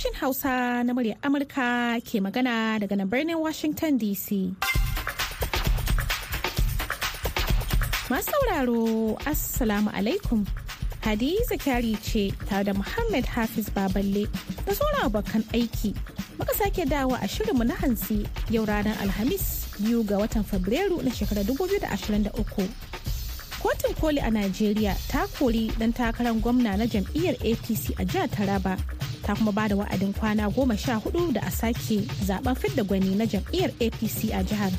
sashen Hausa na muryar Amurka ke magana daga nan birnin Washington DC. Masu sauraro, Assalamu alaikum. Hadiza Kyari ce tare da Muhammad Hafiz Baballe da sauran abokan aiki. Muka sake dawa a shirinmu na hansi yau ranar Alhamis biyu ga watan Fabrairu na shekarar 2023. kotun koli a najeriya ta kori dan takarar gwamna na jam'iyyar apc a jihar taraba ta kuma ba da wa'adin kwana goma sha hudu da a sake zaben fidda gwani na jam'iyyar apc a jihar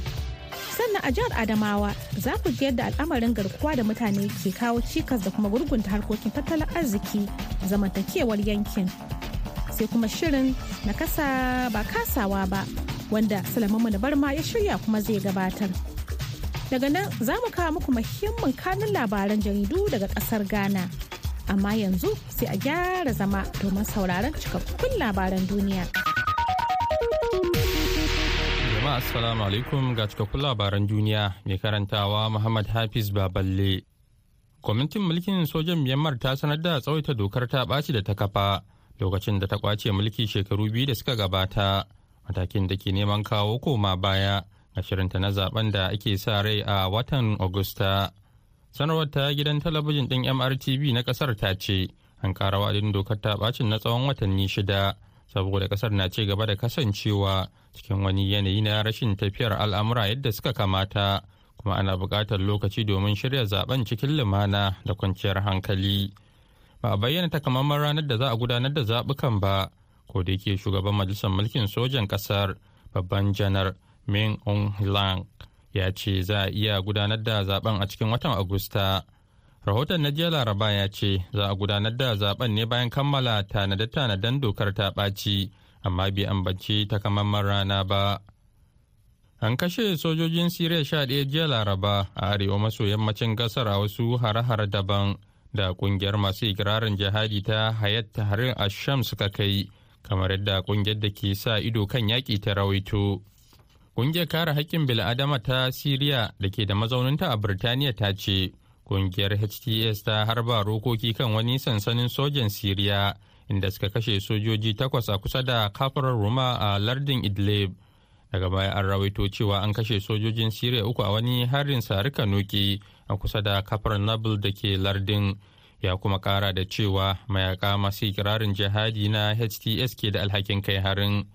sannan a jihar adamawa za ku ji yadda al'amarin garkuwa da mutane ke kawo cikas da kuma gurgunta harkokin tattalin arziki zamantakewar yankin sai kuma shirin na kasa ba kasawa ba wanda salamanmu na barma ya shirya kuma zai gabatar Daga nan za mu kawo muku muhimmin kanun labaran jaridu daga kasar Ghana. Amma yanzu sai a gyara zama domin sauraron cikakkun labaran duniya. Jama'a Assalamu alaikum ga cikakkun labaran duniya mai karantawa Muhammad Hafiz Baballe. Kwamitin mulkin sojan Myanmar ta sanar da tsawaita dokar ta ɓaci da ta kafa lokacin da ta kwace mulki shekaru biyu da suka gabata matakin da ke neman kawo koma baya ashirinta na zaben da ake sa rai a watan Agusta. Sanarwar ta gidan talabijin ɗin MRTV na ƙasar ta ce, an ƙara wa'adin dokar ta ɓacin na tsawon watanni shida, saboda ƙasar na ci gaba da kasancewa cikin wani yanayi na rashin tafiyar al'amura yadda suka kamata, kuma ana buƙatar lokaci domin shirya zaben cikin lumana da kwanciyar hankali. Ba a bayyana takamaiman ranar da za a gudanar da zaɓukan ba, ko da yake shugaban majalisar mulkin sojan ƙasar, babban janar Min Aung Hlaing ya ce za a iya gudanar da zaben a cikin watan Agusta. Rahoton na jiya Laraba ya ce za a gudanar da zaben ne bayan kammala tanade-tanaden dokar ta ɓaci, amma bi an bai ta takamaiman rana ba. An kashe sojojin Siriya sha ɗaya jiya Laraba a arewa maso yammacin gasar a wasu hare-hare daban da ƙungiyar masu ikirarin jihadi ta Hayat Tahrir Asham suka kai, kamar yadda ƙungiyar da ke sa ido kan yaƙi ta rawaito. Ƙungiyar kare haƙƙin bil'adama ta Siriya da ke da mazauninta a Birtaniya ta ce, ƙungiyar HTS ta harba rokoki kan wani sansanin sojan Siriya inda suka kashe sojoji takwas a kusa da kafar Roma a lardin Idlib. Daga baya an rawaito cewa an kashe sojojin Siriya uku a wani harin sarika noki a kusa da kafar Nabil da ke lardin. Ya kuma kara da cewa mayaka masu ikirarin jihadi na HTS ke da alhakin kai harin.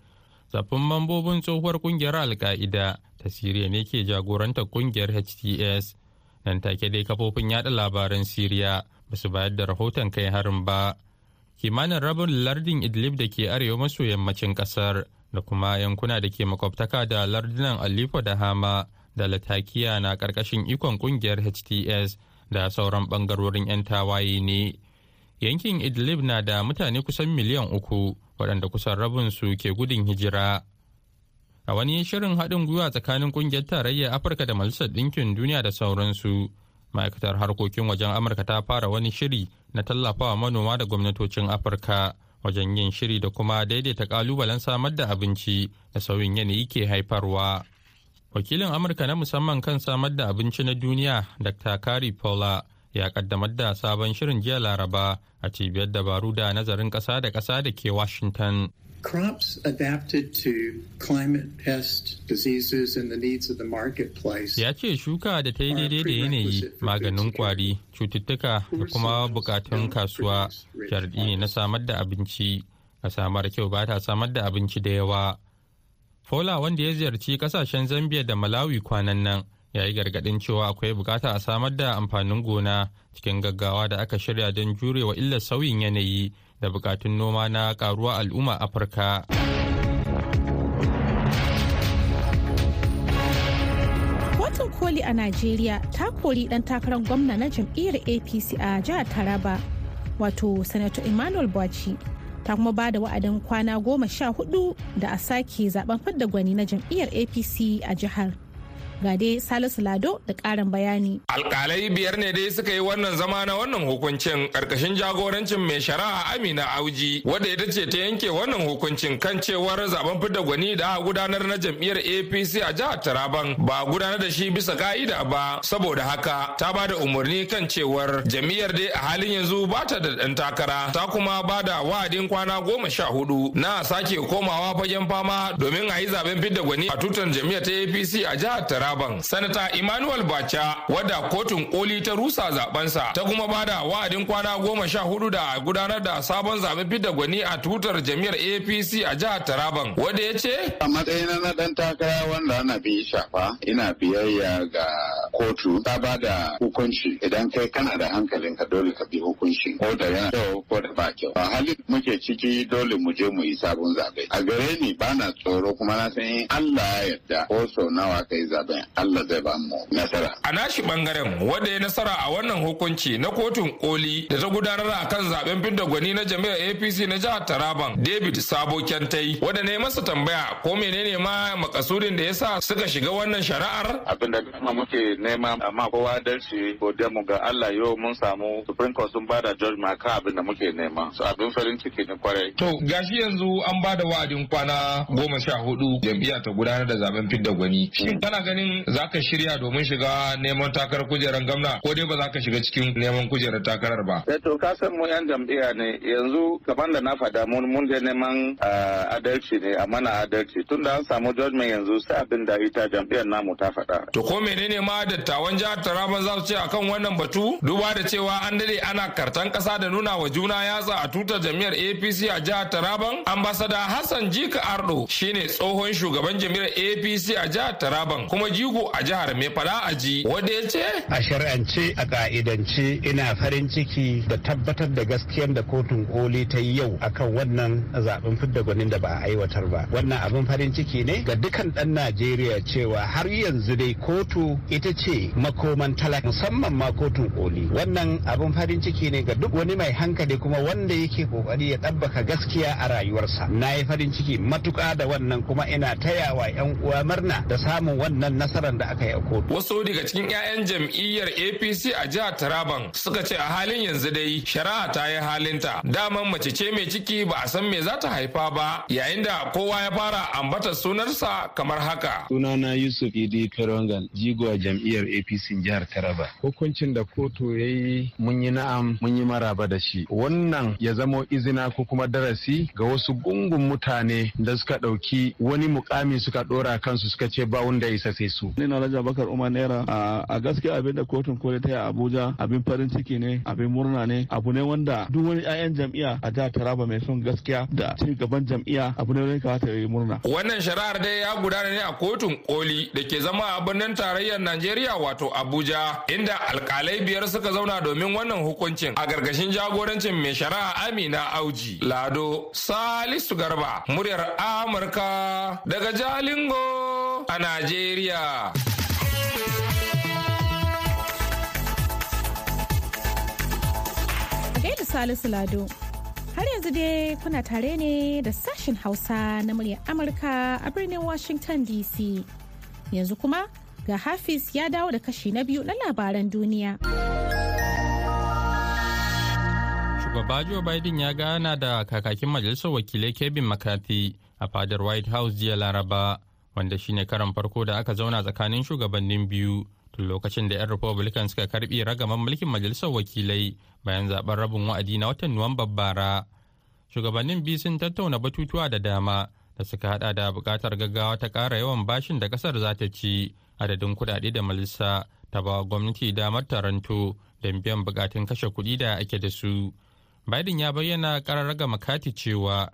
Zafin mambobin tsohuwar kungiyar alka'ida ta Siriya ne ke jagorantar kungiyar HTS. Nan take dai kafofin yada labaran Siriya ba su bayar da rahoton kai harin ba. Kimanin rabin lardin Idlib da ke arewa maso yammacin kasar da kuma yankuna da ke makwabtaka da lardunan alifo da Hama da latakiya na karkashin ikon kungiyar HTS da sauran ɓangarorin 'yan tawaye ne. yankin idlib na da mutane kusan miliyan uku waɗanda kusan rabin su ke gudun hijira a wani shirin haɗin gwiwa tsakanin ƙungiyar tarayyar afirka da majalisar ɗinkin duniya da sauransu ma'aikatar harkokin wajen amurka ta fara wani shiri na tallafawa manoma da gwamnatocin afirka wajen yin shiri da kuma daidaita ƙalubalen samar da abinci da sauyin yanayi ke haifarwa wakilin amurka na musamman kan samar da abinci na duniya dr kari paula ya kaddamar da sabon shirin jiya laraba a cibiyar dabaru da nazarin ƙasa da ƙasa da ke washington Crops adapted to climate, pest, diseases, and the needs of the marketplace. Ya ce shuka da ta yi daidai da yanayi maganin kwari, cututtuka da kuma bukatun kasuwa jardi ne na samar da abinci. A samar kyau ba ta samar da abinci da yawa. Fola wanda ya ziyarci kasashen Zambia da Malawi kwanan nan yayi yi gargaɗin cewa akwai bukata a samar da amfanin gona cikin gaggawa da aka shirya don jurewa illar sauyin yanayi da bukatun noma na karuwa al'umma afirka kotun koli a najeriya ta kori dan takarar gwamna na jam'iyyar apc a jihar taraba wato sanato emmanuel bachi ta kuma ba da wa'adin kwana goma sha hudu da a sake zaben fidda gwani na jam'iyyar apc a jihar ga dai salisu lado da karin bayani alkalai biyar ne dai suka yi wannan zama na wannan hukuncin karkashin jagorancin mai shari'a amina auji wadda ita ce ta yanke wannan hukuncin kan cewar zaben fidda gwani da a gudanar na jam'iyyar apc a jihar taraban ba gudanar da shi bisa ka'ida ba saboda haka ta ba da umarni kan cewar jam'iyyar dai a halin yanzu ba ta da dan takara ta kuma ba da wa'adin kwana goma sha hudu na sake komawa fagen fama domin a yi zaben fidda gwani a tutan jam'iyyar ta apc a jihar taraban Taraban. Sanata Emmanuel Bacha wadda kotun koli ta rusa zabensa ta kuma bada wa'adin kwana goma sha hudu da gudanar da sabon zaben fidda gwani a tutar jami'ar APC a jihar Taraban wadda ya ce. A matsayin na dan takara wanda ana bi shafa ina biyayya ga kotu ta bada hukunci idan kai kana da hankalin ka dole ka bi hukunci ko da yana kyau ko da ba kyau. A halin muke ciki dole mu je mu yi sabon zaɓe. A gare ni bana tsoro kuma na san Allah ya yarda ko sau nawa kai zaben fatan Allah zai ba mu nasara. A nashi bangaren wanda ya nasara a wannan hukunci na kotun koli da ta gudanar a kan zaben fidda gwani na jami'ar APC na jihar Taraban David Sabo Kyantai wanda ne masa tambaya ko menene ma makasudin da yasa suka shiga wannan shari'ar? Abin da kuma muke nema amma kowa shi godiya mu ga Allah yau mun samu Supreme Court sun bada judgment kan abin da muke nema. So abin farin ciki ne kwarai. To gashi yanzu an bada wa'adin kwana goma sha hudu jam'iyya ta gudanar da zaben fidda gwani. Shin hmm. kana ganin in za shirya domin shiga neman takarar kujerar gamna ko dai ba za ka shiga cikin neman kujerar takarar ba. Eh to ka san mu yan jam'iyya ne yanzu kamar da na faɗa mun mun da neman ah, adalci ne amma na adalci tun da an samu judgment yanzu sai abin da ita jam'iyyar namu ta faɗa. To ko menene ma dattawan jihar Taraba za su ce akan wannan batu duba da cewa an dade ana kartan kasa da nuna wa juna yatsa a tutar jam'iyyar APC a jihar Taraban ambasada Hassan Jika Ardo shine tsohon shugaban jam'iyyar APC a jihar Taraban kuma jigo a jihar mai fada aji wanda ya ce a shari'ance a ka'idance ina farin ciki da tabbatar da gaskiyar da kotun koli ta yi yau akan wannan zaben fidda gwanin da ba a aiwatar ba wannan abin farin ciki ne ga dukan dan najeriya cewa har yanzu dai kotu ita ce makoman talaka musamman ma kotun koli wannan abin farin ciki ne ga duk wani mai hankali kuma wanda yake kokari ya ɗabbaka gaskiya a rayuwarsa na yi farin ciki matuƙa da wannan kuma ina tayawa 'yan uwa murna da samun wannan nasarar da aka yi a kotu. Wasu daga cikin 'ya'yan jam'iyyar APC a jihar Taraban suka ce a halin yanzu dai shari'a ta yi halinta. Daman mace ce mai ciki ba a san me za ta haifa ba yayin da kowa ya fara ambata sunarsa kamar haka. Sunana Yusuf Idi Karongan jigowa jam'iyyar APC jihar Taraba. Hukuncin da kotu ya yi mun yi na'am mun yi maraba da shi. Wannan ya zamo izina ko kuma darasi ga wasu gungun mutane da suka ɗauki wani mukami suka ɗora kansu suka ce ba wanda isa sai su ni na raja bakar Umar Naira a gaskiya abin da kotun koli ta yi Abuja abin farin ciki ne abin murna ne abu ne wanda duk wani 'ya'yan jam'iyya a jihar Taraba mai son gaskiya da ci gaban jam'iyya abu ne wani kawata yi murna wannan shari'ar dai ya gudana ne a kotun koli da ke zama a birnin tarayyar Najeriya wato Abuja inda alkalai biyar suka zauna domin wannan hukuncin a gargashin jagorancin mai shari'a Amina Auji Lado Salisu Garba muryar Amurka daga Jalingo a Najeriya a Gaida Salisu Lado. Har yanzu dai kuna tare ne da sashen Hausa na muryar Amurka a birnin Washington DC. Yanzu kuma ga Hafiz ya dawo da kashi na biyu na labaran duniya. Shugaba Joe Biden ya gana da kakakin majalisar wakilai Kevin McCarthy a fadar White House jiya Laraba wanda shine karan farko da aka zauna tsakanin shugabannin biyu tun lokacin da 'yan republican suka karbi ragaman mulkin majalisar wakilai bayan zaben rabin wa'adi na watan nuwamban bara shugabannin biyu sun tattauna batutuwa da dama da suka hada da bukatar gaggawa ta kara yawan bashin da kasar za ta ci adadin kudade da majalisa ta ba gwamnati damar taranto don biyan bukatun kashe kuɗi da ake da su biden ya bayyana karar raga makati cewa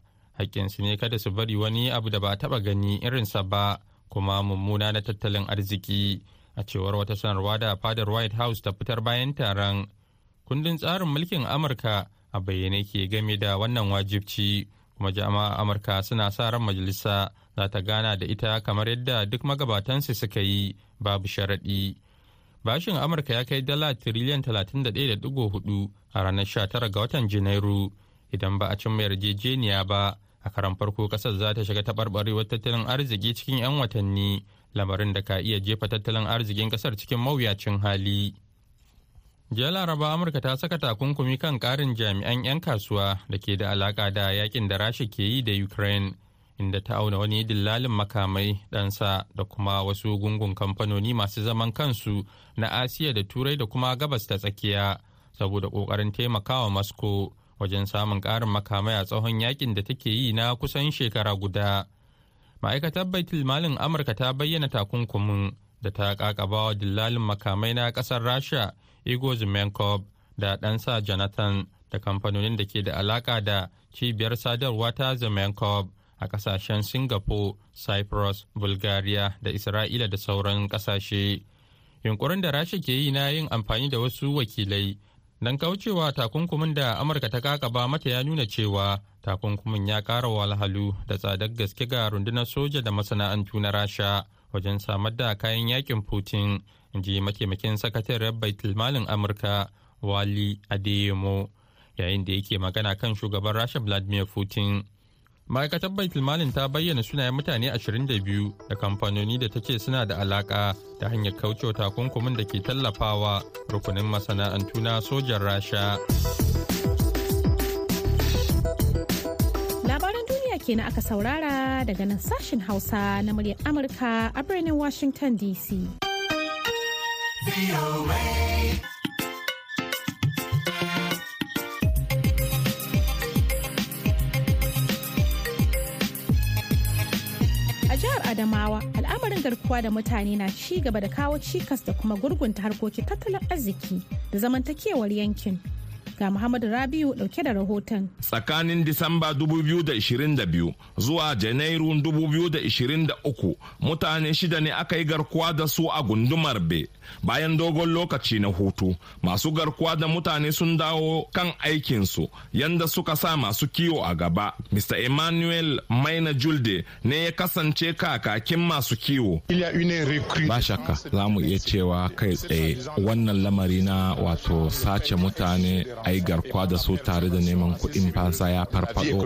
haƙƙinsu ne kada su bari wani abu da ba a taɓa gani irinsa ba kuma mummuna na tattalin arziki a cewar wata sanarwa da fadar white house ta fitar bayan taron kundin tsarin mulkin amurka a bayyane ke game da wannan wajibci kuma jama'a amurka suna sa ran majalisa za ta gana da ita kamar yadda duk magabatansu suka yi babu sharaɗi bashin amurka ya kai dala tiriliyan 31.4 a ranar 19 ga watan janairu idan ba a cimma yarjejeniya ba a karan farko kasar za ta shiga taɓarɓarewar tattalin arziki cikin 'yan watanni lamarin da ka iya jefa tattalin arzikin kasar cikin mawuyacin hali jiya laraba amurka ta saka takunkumi kan ƙarin jami'an 'yan kasuwa da ke da alaƙa da yakin da rasha ke yi da ukraine inda ta auna wani dillalin makamai ɗansa da kuma wasu gungun kamfanoni masu zaman kansu na asiya da turai da kuma gabas ta tsakiya saboda ƙoƙarin taimakawa moscow wajen samun ƙarin makamai a tsohon yakin da take yi na kusan shekara guda. Ma'aikatar Baitul Malin Amurka ta bayyana takunkumin da ta ƙaƙabawa dillalin makamai na ƙasar Rasha Igor Zmenkov da ɗansa Jonathan da kamfanonin da ke da alaƙa da cibiyar sadarwa ta Zmenkov a ƙasashen Singapore, Cyprus, Bulgaria da Isra'ila da sauran ƙasashe. Yunkurin da Rasha ke yi na yin amfani da wasu wakilai don kaucewa takunkumin da amurka ta kakaba mata ya nuna cewa takunkumin ya kara walhalu da tsadar gaske ga rundunar soja da masana'antu na rasha wajen samar da kayan yakin putin in ji mataimakin sakataren baitul amurka wali adeyemo yayin da yake magana kan shugaban rasha vladimir putin ma'aikatar baitul malin ta bayyana sunayen mutane 22 da kamfanoni da take suna da alaka ta hanyar kaucewa takunkumin da ke tallafawa rukunin masana'antu na sojan rasha labaran duniya ke na aka saurara daga nan sashen hausa na muryar amurka a birnin washington dc Adamawa al'amarin garkuwa da mutane na ci gaba da kawo cikas da kuma gurgunta harkokin tattalin arziki da zamantakewar yankin. ga Muhammadu Rabiu dauke da rahoton. Tsakanin Disamba 2022 zuwa Janairun 2023 mutane shida ne aka yi garkuwa da su a gundumar Be. Bayan dogon lokaci na hutu, masu garkuwa da mutane sun dawo kan aikinsu yanda suka sa masu kiwo a gaba. Mr. Emmanuel Maina Julde ne ya kasance kakakin masu kiwo. Ba shakka za mu iya cewa kai tsaye wannan lamari na wato sace mutane ai garkuwa da su tare da neman kuɗin fansa ya farfado.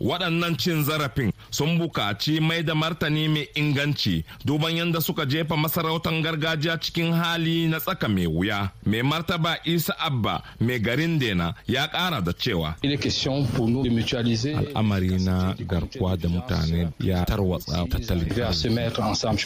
Waɗannan cin zarafin sun bukaci mai da martani mai inganci duban yadda suka jefa masarautar gargajiya cikin hali na tsaka mai wuya. Mai martaba Isa Abba mai garin Dena ya ƙara da cewa. Al'amari na garkuwa da mutane ya tarwatsa tattalin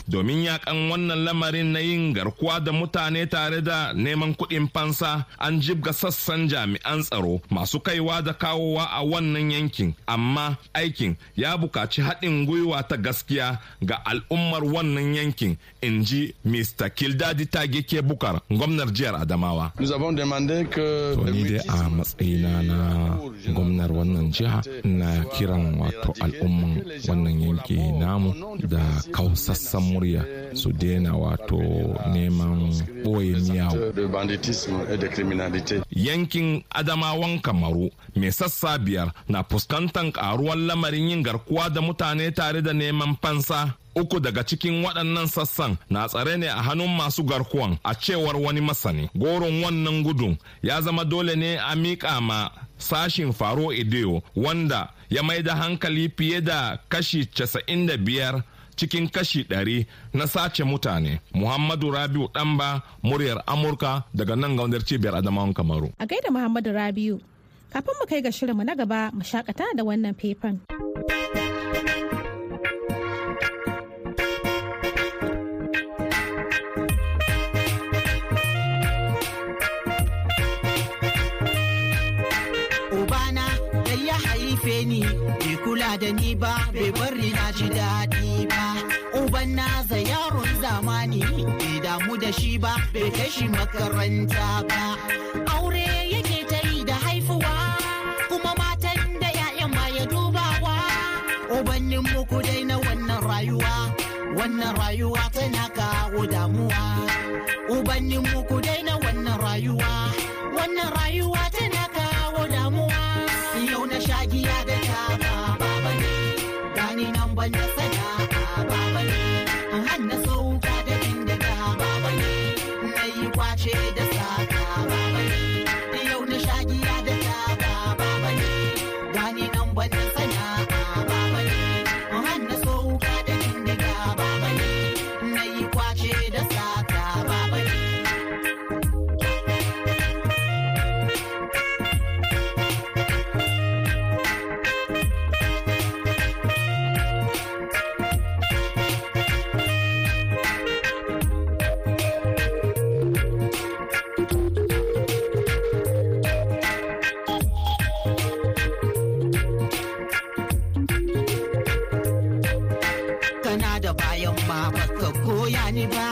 Domin yakan wannan lamarin na yin garkuwa da mutane tare da neman kuɗin fansa an jibga sassa sassan jami'an tsaro masu kaiwa da kawowa a wannan yankin amma aikin ya buƙaci haɗin gwiwa ta gaskiya ga al'ummar wannan yankin in ji mr kildadi tageke bukar gwamnar jihar adamawa ni dai a matsayina na gwamnar wannan jiha na kiran wato al'umman wannan yanki namu da sassan murya su daina wato neman ɓoye miyawu yankin adamawan kamaru mai sassa biyar na fuskantar karuwar lamarin yin garkuwa da mutane tare da neman fansa uku daga cikin waɗannan sassan na tsare ne a hannun masu garkuwan a cewar wani masani goron wannan gudun ya zama dole ne a miƙa ma sashin faro ideo wanda ya mai da hankali fiye da kashi 95 cikin kashi ɗari na sace mutane. Muhammadu Rabiu Ɗanba muryar Amurka daga nan gaunar cibiyar Adamawan Kamaru. A gaida Muhammadu Rabiu, kafin mu kai ga shirinmu na gaba mu shakata da wannan faifan. Ubana da ya haife ni, bai kula da ni ba, bai bari damu da shi ba bai kai makaranta ba aure yake ta yi da haifuwa kuma matan da 'ya'yan ma ya dubawa ubannin muku dai na wannan rayuwa wannan rayuwa tana kawo damuwa ubannin muku dai na wannan rayuwa koya ni ba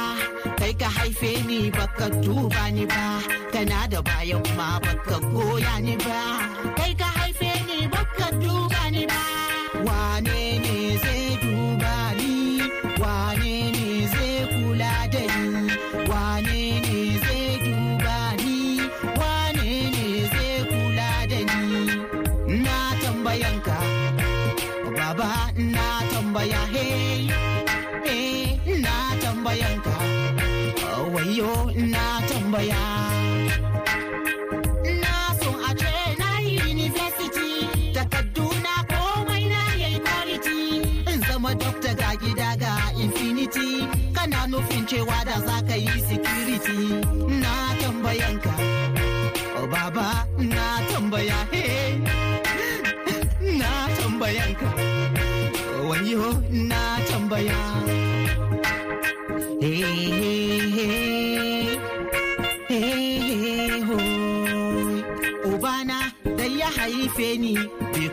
kai ka haife ni baka duba ni ba kana da bayan ma baka koya ni ba tsafta ga gida ga infinity kana nufin cewa da za ka yi security na tambayanka oh baba na tambaya he na tambayanka oh, wayo na tambaya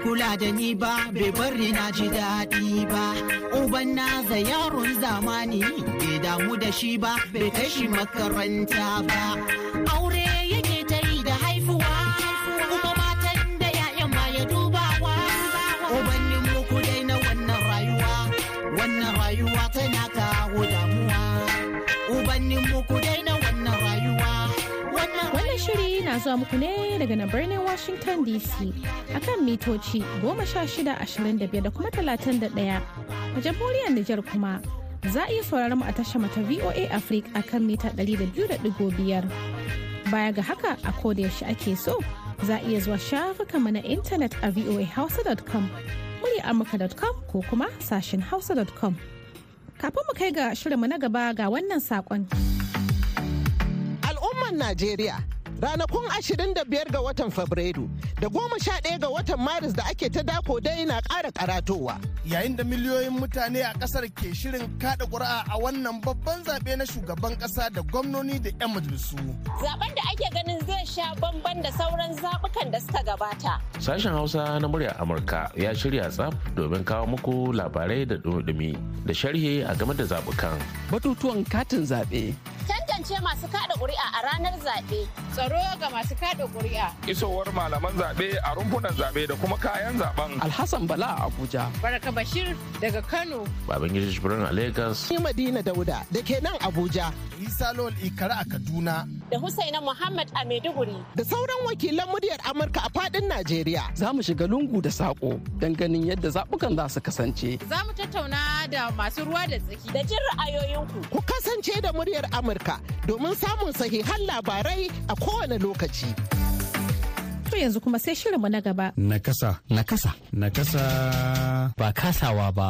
kula da ni ba bai bari na ji daɗi ba uban naza yaron zamani bai damu da shi ba bai kai shi makaranta ba aure yake ta yi da haifuwa kuma matan da ya'yan ma ya duba dubawa ubannin muku dai na wannan rayuwa wannan rayuwa tana kawo damuwa uban ubannin muku dai shiri na zuwa muku ne daga nan birnin Washington DC akan mitoci 1625 da kuma 31 a jamhuriyar Nijar kuma za a yi sauraron mu a tashar mata VOA Africa akan mita 200.5 baya ga haka a koda yaushe ake so za a iya zuwa shafukanmu na intanet a voahausa.com muryamurka.com ko kuma sashen hausa.com kafin mu kai ga shirinmu na gaba ga wannan saƙon. al'ummar Najeriya ranakun 25 ga watan fabrairu da 11 ga watan maris da ake ta dako dai na ƙara karatowa yayin da miliyoyin mutane a ƙasar ke shirin kada ƙuri'a a wannan babban zaɓe na shugaban ƙasa da gwamnoni da 'yan majalisu zaben da ake ganin zai sha bamban da sauran zaɓukan da suka gabata sashen hausa na murya amurka ya shirya tsaf domin kawo muku labarai da dumi da sharhi a game da zaɓukan batutuwan katin zaɓe magance masu kada ƙuri'a a ranar zaɓe. Tsaro ga masu kada ƙuri'a. Isowar malaman zaɓe a rumfunan zaɓe da kuma kayan zaɓen. Alhassan Bala a Abuja. Baraka Bashir daga Kano. Babangida Jibrin a Lagos. Ni Madina Dauda da ke nan Abuja. Isa Lol Ikara a Kaduna. da Husaina Muhammad a Maiduguri. Da sauran wakilan muryar Amurka a fadin Najeriya. Za mu shiga lungu da saƙo don ganin yadda zaɓukan za su kasance. Za mu tattauna da masu ruwa da tsaki. Da jin ra'ayoyinku. Ku kasance da muryar Amurka domin samun sahihan labarai a kowane lokaci. To yanzu kuma sai shirinmu na gaba. Na Na kasa. kasa. Na kasa. Ba kasawa ba.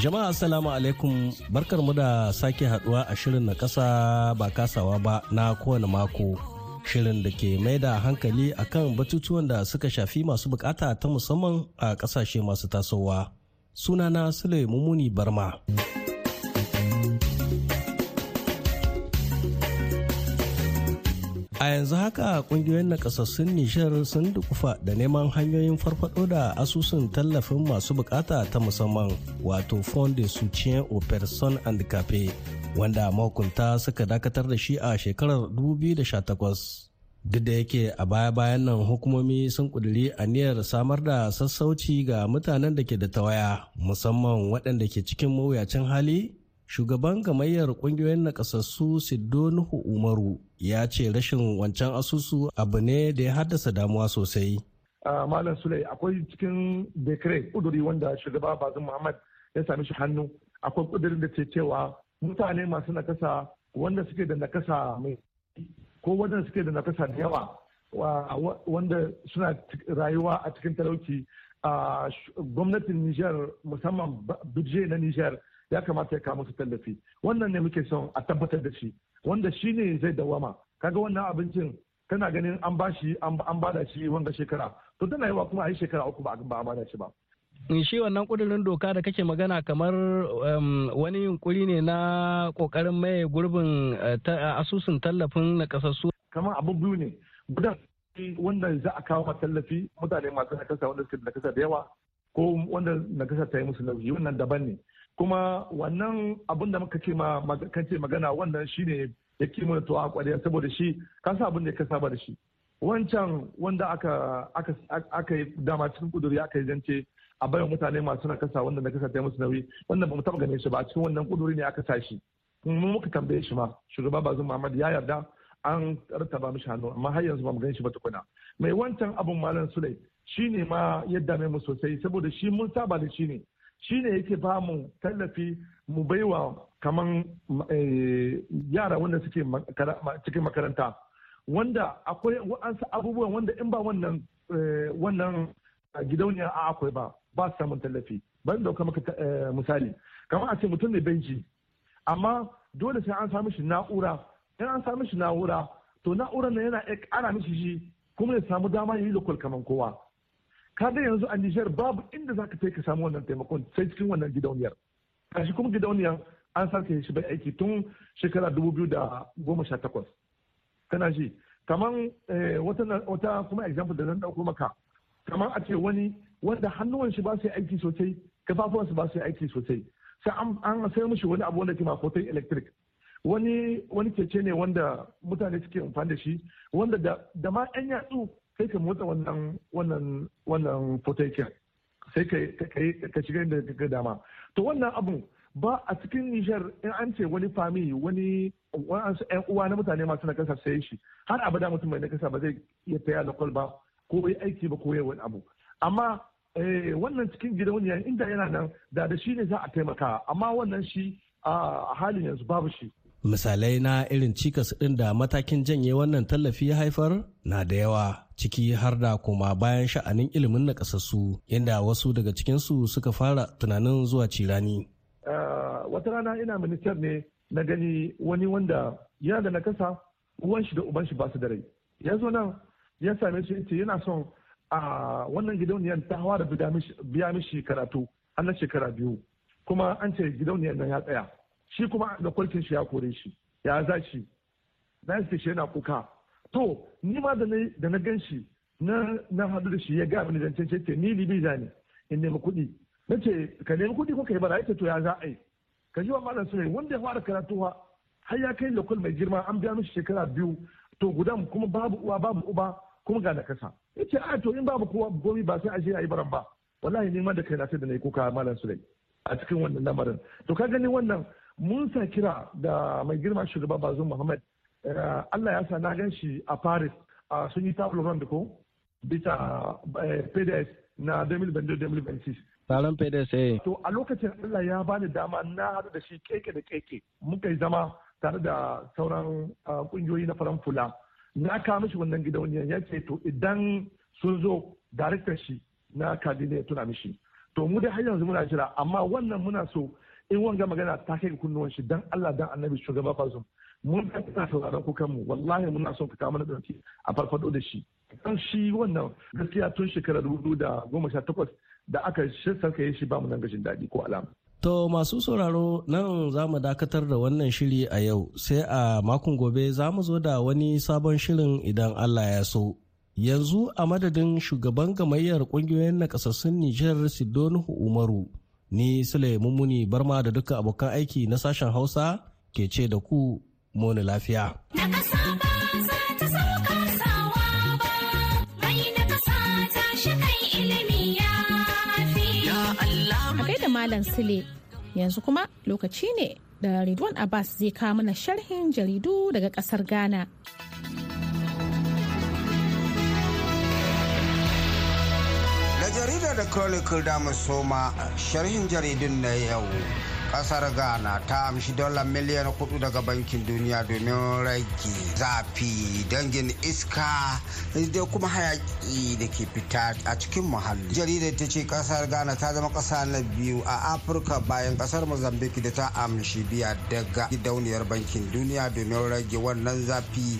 Jama'a Assalamu alaikum barkar mu da sake haduwa a shirin na kasa ba kasawa ba na kowane mako. Shirin da ke mai da hankali akan batutuwan da suka shafi masu bukata ta musamman a kasashe masu tasowa. Sunana Sule Mumuni Barma. a yanzu haka kungiyoyin nakasassun nishar sun dukufa da neman hanyoyin farfado da asusun tallafin masu bukata ta musamman wato fond de soutien aux personnes handicapées wanda mahukunta suka dakatar da shi a shekarar 2018 duk da yake a baya-bayan nan hukumomi sun kuduri aniyar samar da sassauci ga mutanen da ke da tawaya musamman waɗanda ke cikin mawuyacin hali shugaban gamayyar kungiyoyin nakasassu Nuhu umaru ya ce rashin wancan asusu abu ne da ya haddasa damuwa sosai malam sulai akwai cikin dekare kuduri wanda shugaba bazin muhammad ya sami shi hannu akwai kudurin da ce cewa mutane masu nakasa wanda suke da nakasa mai ko wanda suke da nakasa da yawa wanda suna rayuwa a cikin talauci a gwamnatin nijar musamman bije na nijar ya kamata ya kawo musu tallafi wannan ne muke son a tabbatar da shi wanda shi ne zai dawama kaga wannan abincin kana ganin an ba shi an bada shi wanga shekara to tana yawa kuma a yi shekara uku ba a da shi ba mm, shi wannan kudirin doka da kake magana kamar um, wani yunkuri ne na kokarin mai gurbin eh, asusun tallafin na kasassu kamar abu biyu ne gudan wanda za a kawo tallafi mutane masu nakasa wanda suke nakasa da yawa ko wanda nakasa ta yi musu nauyi wannan daban ne kuma wannan abin da muka ce ma magana wannan shine yake mana to a kwarya saboda shi ka sa abin da ka saba da shi wancan wanda aka aka aka yi dama cikin kuduri aka yi zance a bayan mutane masu na kasa wanda na kasa ta musu nauyi wanda ba mu gane shi ba a cikin wannan kuduri ne aka tashi mun muka tambaye shi ma shugaba bazum Muhammad ya yarda an rataba mishi hannu amma har yanzu ba mu gani shi ba tukuna mai wancan abun malam Sule shine ma yadda mai mu sosai saboda shi mun saba da shi ne Shi ne yake ba mu tallafi mu baiwa kaman eh, yara wanda suke cikin makaranta wanda akwai wa'ansu abubuwan wanda in ba wannan eh, wannan gidauniya a akwai ba ba su samun tallafi Ban dauka maka eh, misali kamar a ce mutum ne benci amma dole sai an samu shi na'ura in an samu shi na'ura to na'ura na yana ana mishi shi kuma ya samu dama ya yi lokal kamar kowa kaga yanzu a Nijar babu inda za ka kai ka samu wannan taimakon sai cikin wannan gidauniyar kashi kuma gidauniyar an sake shi bai aiki tun shekara da goma takwas kana shi kaman eh, wata kuma example da zan dauko maka kaman a ce wani wanda hannuwan shi ba su aiki sosai kafafuwan su ba su aiki sosai sai an sai mishi wani abu wanda ke makotai electric wani wani ne wanda mutane suke amfani da shi wanda da ma yan yatsu sai ka motsa wannan wannan wannan potential sai ka shiga inda ka dama to wannan abu ba a cikin nishar in an ce wani fami wani yan uwa na mutane masu nakasa sai shi har abada mutum mai nakasa ba zai iya taya da kwalba ko bai aiki ba ko wani abu amma eh, wannan cikin yan inda yana nan da da shi ne za a taimaka amma wannan shi a halin yanzu babu shi Misalai na irin cikas ɗin da matakin janye wannan tallafi ya haifar na da yawa ciki har da kuma bayan sha'anin ilimin na ƙasassu inda wasu daga cikinsu suka fara tunanin zuwa cirani. Eh, wata rana ina ministar ne na gani wani wanda yana da nakasa uwan shi da uban shi ba su da rai. Ya zo nan ya same shi ce yana son a wannan gidauniyar ta hawa da biya mishi karatu an na shekara biyu kuma an ce gidauniyar nan ya tsaya. shi kuma da kwalcin shi ya kore shi ya za shi na yi shi yana kuka to ni ma da na gan shi na haɗu da shi ya gaya mini zancen ce ni za ne in nemi kuɗi na ce ka nemi kuɗi ko ka yi barayi ta to ya za a yi ka ji wa malam sulai wanda ya fara karatuwa har ya kai lokal mai girma an biya mishi shekara biyu to gudan kuma babu uwa babu uba kuma ga nakasa ya ce a to in babu kowa gomi ba sai a je a yi baran ba wallahi ni ma da kai na sai da na yi kuka malam sulai a cikin wannan lamarin to ka gani wannan mun sa kira da mai girma shugaba bazum muhammad eh, allah ya sa na gan shi a paris ah, sun yi table round ko bisa eh, pds na 2026 taron pds eh to a lokacin allah ya bani dama na haɗu da shi keke da keke muka yi zama tare da sauran kungiyoyi ah, na faran fula na kawo mishi wannan gidauniyar ya ce to idan sun zo shi na kadi ya tuna mishi to mu dai har yanzu muna jira amma wannan muna so in wanga magana ta kai kunnuwan shi dan Allah dan annabi shugaba fasu. mun ka ta sauraron ku kanmu wallahi muna son ka kawo mana dauki a farfado da shi dan shi wannan gaskiya tun shekara 2018 da aka shirsa yi shi ba mu nan gashin daɗi ko alama To masu sauraro nan za mu dakatar da wannan shiri a yau sai a makon gobe za mu zo da wani sabon shirin idan Allah ya so. Yanzu a madadin shugaban gamayyar kungiyoyin nakasassun Nijar Sidonu Umaru Ni Sule Mummuni Barma da duka abokan aiki na sashen Hausa ke ce da ku moni lafiya. da Malam Sule yanzu kuma lokaci ne da Ridwan Abbas zai kawo mana sharhin jaridu daga ƙasar Ghana. jarida da chronicle da soma sharhin jaridun na yau kasar ghana ta amshi dollar miliyan kudu daga bankin duniya domin rage zafi dangin iska da kuma hayaki da ke fita a cikin muhalli jaridar ta ce kasar ghana ta zama kasa na biyu a afirka bayan kasar mozambique da ta amshi biya daga gidauniyar bankin duniya domin rage wannan zafi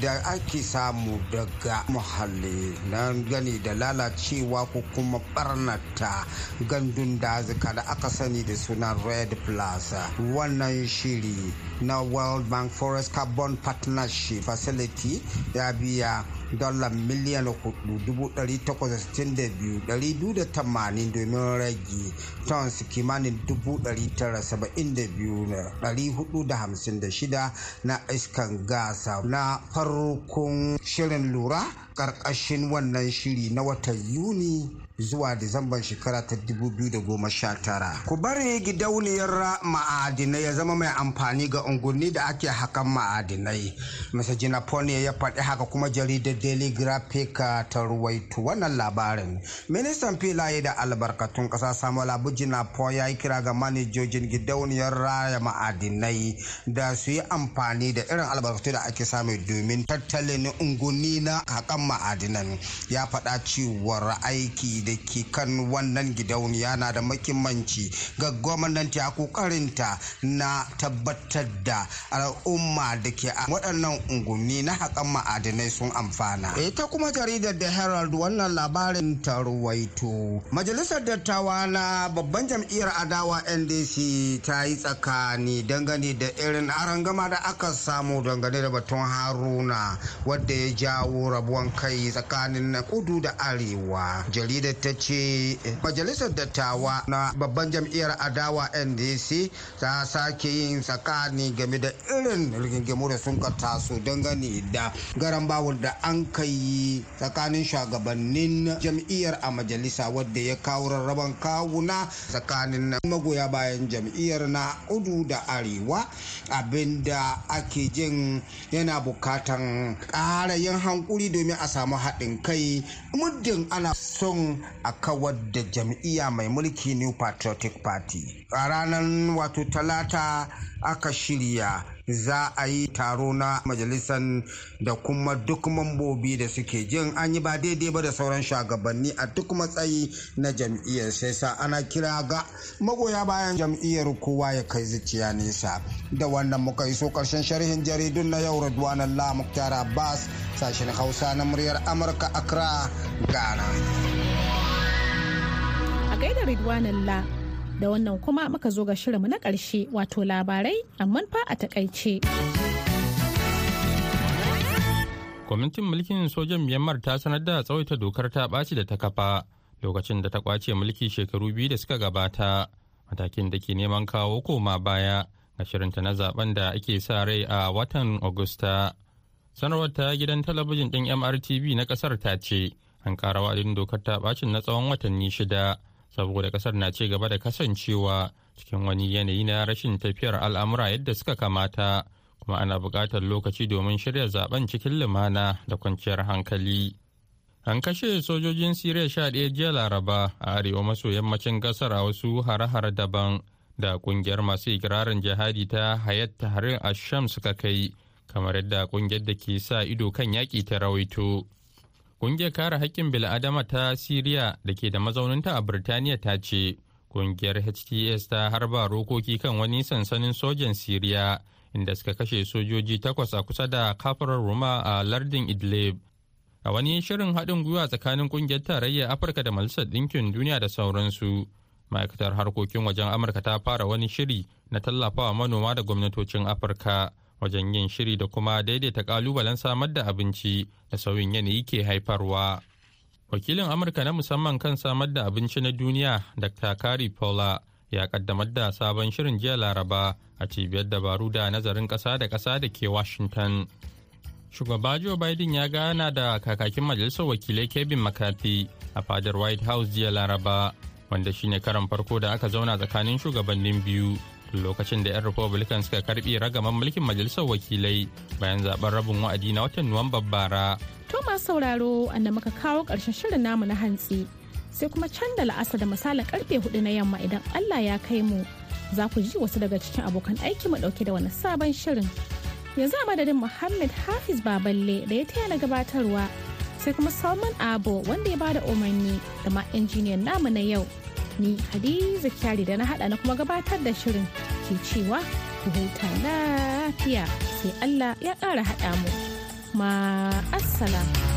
da ake samu daga muhalli nan gani da lalacewa ko kuma barnata gandun dazuka da aka sani da sunan red red plus wannan shiri na world bank forest carbon partnership facility ya biya dala miliyan 4,862,280 domin rage tons kimanin 972,456 na iskan gasa na farkon shirin lura ƙarƙashin wannan shiri na watan yuni zuwa Disamban shekara ta 2019. Ku bari gidauniyar ma'adinai ya zama mai amfani ga unguwanni da ake hakan ma'adinai. Mr. Jinapone ya faɗi haka kuma jaridar Daily Graphic ta ruwaito wannan labarin. Ministan filaye da albarkatun ƙasa Samuel Abu Jinapone ya yi kira ga manajojin gidauniyar raya ma'adinai da su yi amfani da irin albarkatu da ake samu domin tattalin unguwanni na hakan ma'adinan. Ya faɗa cewar aiki da ke kan wannan gidauniya na da makimanci ga gwamnati a kokarinta na tabbatar da al'umma da ke a waɗannan unguni na haƙan ma'adinai sun amfana. Ita kuma jaridar da Herald wannan labarin ta ruwaito. Majalisar dattawa na babban jam'iyyar adawa NDC ta yi tsakani dangane da irin arangama da aka samu dangane da batun Haruna wadda ya jawo rabuwan kai tsakanin na kudu da arewa. Jaridar ta ce majalisar dattawa na babban jam'iyyar adawa ndc ta sake yin tsakani game da irin rigingimu da sun taso dangane da garan bawul da an kai tsakanin shugabannin jam'iyyar a majalisa wadda ya kawo rarraban kawuna tsakanin magoya bayan jam'iyyar na Udu da arewa abinda ake jin yana bukatan ƙara yin hankuri domin a samu haɗin kai muddin ana son a kawar da jam'iyya mai mulki new patriotic party a ranar wato talata aka shirya za a yi taro na majalisar da kuma duk mambobi da suke jin an yi ba daidai ba da sauran shugabanni a duk matsayi na jam'iyyar sai sa ana kira ga magoya bayan jam'iyyar kowa ya kai zuciya nesa da wannan muka iso karshen sharhin jaridun na yau radwan allah muktar abbas sashen hausa na muryar amurka accra ghana gaida Ridwanullah. Da wannan kuma muka zo ga shirinmu na ƙarshe wato labarai amma fa a takaice. Kwamitin mulkin sojan Myanmar ta sanar da tsawaita dokar ta ɓaci da ta kafa lokacin da ta ƙwace mulki shekaru biyu da suka gabata matakin da ke neman kawo koma baya ga shirinta na zaben da ake sa rai a watan Agusta. sanarwar ta gidan talabijin ɗin mrtv na ƙasar ta ce an ƙara wa'adin dokar ta ɓacin na tsawon watanni shida saboda kasar na ci gaba da kasancewa cikin wani yanayi na rashin tafiyar al'amura yadda suka kamata kuma ana buƙatar lokaci domin shirya zaben cikin lumana da kwanciyar hankali. An kashe sojojin Siriya sha ɗaya jiya Laraba a arewa maso yammacin gasar a wasu hare-hare daban da ƙungiyar masu ikirarin jihadi ta Hayat Tahrir Asham suka kai, kamar yadda ƙungiyar da ke sa ido kan yaƙi ta rawaito. Ƙungiyar kare haƙƙin bil'adama ta Siriya da ke da mazauninta a Birtaniya ta ce, ƙungiyar HTS ta harba rokoki kan wani sansanin sojan Siriya inda suka kashe sojoji takwas a kusa da kafarar Roma a lardin Idlib. A wani shirin haɗin gwiwa tsakanin ƙungiyar tarayyar Afirka da Majalisar Ɗinkin Duniya da sauransu. Ma'aikatar harkokin wajen Amurka ta fara wani shiri na tallafawa manoma da gwamnatocin Afirka. wajen yin shiri da kuma daidaita kalubalen samar da abinci da sauyin yanayi ke haifarwa. Wakilin Amurka na musamman kan samar da abinci na duniya Dr. Kari Paula ya kaddamar da sabon shirin jiya Laraba a cibiyar dabaru da nazarin ƙasa da ƙasa da ke Washington. Shugaba Joe Biden ya gana da kakakin majalisar wakilai Kevin McCarthy a fadar White House jiya Laraba, wanda shine karan farko da aka zauna tsakanin shugabannin biyu. lokacin da 'yan republican suka karbi ragaman mulkin majalisar wakilai bayan zaben rabin wa'adi na watan nuwamban bara to sauraro anda muka kawo karshen shirin namu na hantsi sai kuma canza la'asa da misalin karfe hudu na yamma idan allah ya kai mu za ku ji wasu daga cikin abokan aiki mu dauke da wani sabon shirin yanzu a madadin muhammad hafiz baballe da ya taya na gabatarwa sai kuma salman abo wanda ya bada umarni da ma injiniyan namu na yau ni hadiza kyari da na hada na kuma gabatar da shirin ke cewa ku huta lafiya sai allah ya ƙara haɗa mu ma